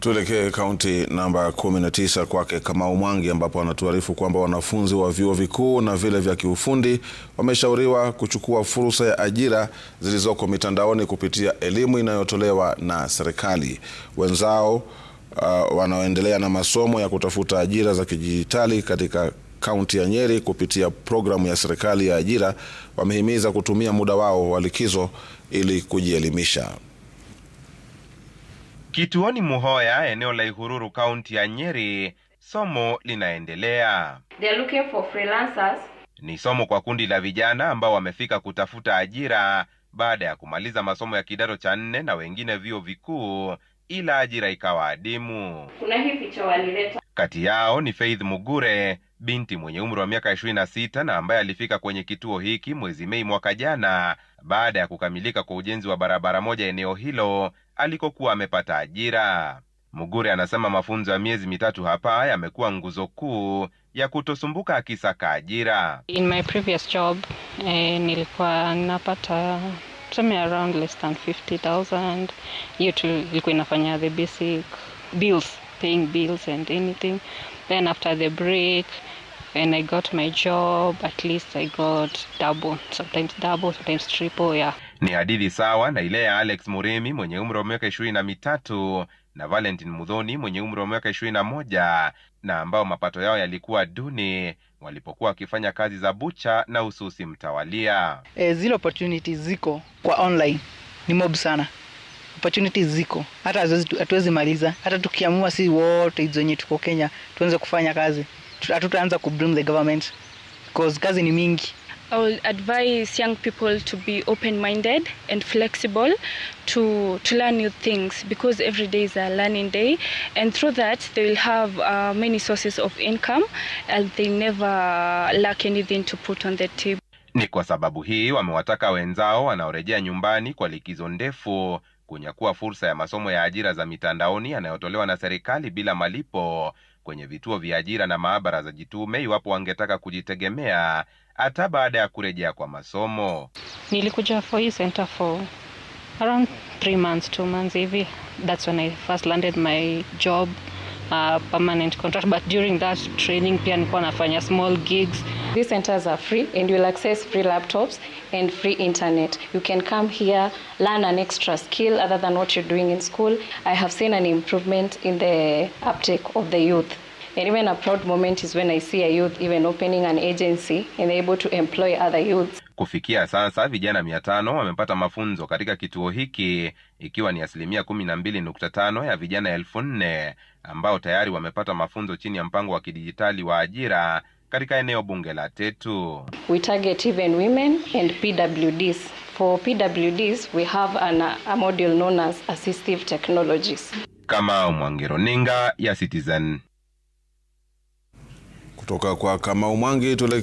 Tuelekee kaunti namba 19 kwake Kamau Mwangi ambapo anatuarifu kwamba wanafunzi wa vyuo vikuu na vile vya kiufundi wameshauriwa kuchukua fursa ya ajira zilizoko mitandaoni kupitia elimu inayotolewa na serikali. Wenzao uh, wanaoendelea na masomo ya kutafuta ajira za kidijitali katika kaunti ya Nyeri kupitia programu ya serikali ya ajira wamehimiza kutumia muda wao wa likizo ili kujielimisha. Kituoni Muhoya, eneo la Ihururu, kaunti ya Nyeri, somo linaendelea. They are looking for freelancers. Ni somo kwa kundi la vijana ambao wamefika kutafuta ajira baada ya kumaliza masomo ya kidato cha nne na wengine vyuo vikuu, ila ajira ikawa adimu. Kuna hii picha walileta. Kati yao ni Faith Mugure, binti mwenye umri wa miaka 26 na ambaye alifika kwenye kituo hiki mwezi Mei mwaka jana baada ya kukamilika kwa ujenzi wa barabara moja eneo hilo alikokuwa amepata ajira. Mugure anasema mafunzo ya miezi mitatu hapa yamekuwa nguzo kuu ya kutosumbuka akisaka ajira. In my previous job, eh, nilikuwa napata tuseme around less than 50,000. Hiyo tu ilikuwa inafanya the basic bills, paying bills and anything. Then after the break, and I got my job, at least I got double, sometimes double, sometimes triple, yeah. Ni hadithi sawa na ile ya Alex Muremi mwenye umri wa miaka ishirini na mitatu na Valentin Mudhoni mwenye umri wa miaka ishirini na moja na ambao mapato yao yalikuwa duni walipokuwa wakifanya kazi za bucha na ususi mtawalia. E, zile opportunities ziko kwa online ni mob sana opportunities ziko, hata hatuwezi maliza. Hata tukiamua si wote hizo zenye tuko Kenya tuanze kufanya kazi hatutaanza kublam the government because kazi ni mingi I will advise young people to be open-minded and flexible to, to learn new things because every day is a learning day and through that they will have uh, many sources of income and they never lack anything to put on the table. Ni kwa sababu hii wamewataka wenzao wanaorejea nyumbani kwa likizo ndefu kunyakua fursa ya masomo ya ajira za mitandaoni yanayotolewa na serikali bila malipo kwenye vituo vya ajira na maabara za jitume iwapo wangetaka kujitegemea hata baada ya kurejea kwa masomo. Nilikuja for center for around three months, two months hivi. That's when I first landed my job uh, permanent contract but during that training pia nilikuwa nafanya small gigs these centers are free and you'll access free laptops and free internet you can come here learn an extra skill other than what you're doing in school i have seen an improvement in the uptake of the youth And even a proud moment is when I see a youth even opening an agency and able to employ other youths. Kufikia sasa vijana mia tano wamepata mafunzo katika kituo hiki ikiwa ni asilimia kumi na mbili nukta tano ya vijana elfu nne ambao tayari wamepata mafunzo chini ya mpango wa kidijitali wa ajira katika eneo bunge la Tetu. We target even women and PWDs. For PWDs we have an, a module known as assistive technologies. Kama ya Citizen kutoka kwa Kama Mwangi tule